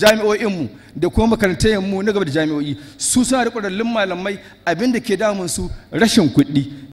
jami'o'inmu da kuma makarantayenmu na gaba da jami'o'i su suna da ƙwararrun malamai abin da ke damun su rashin kuɗi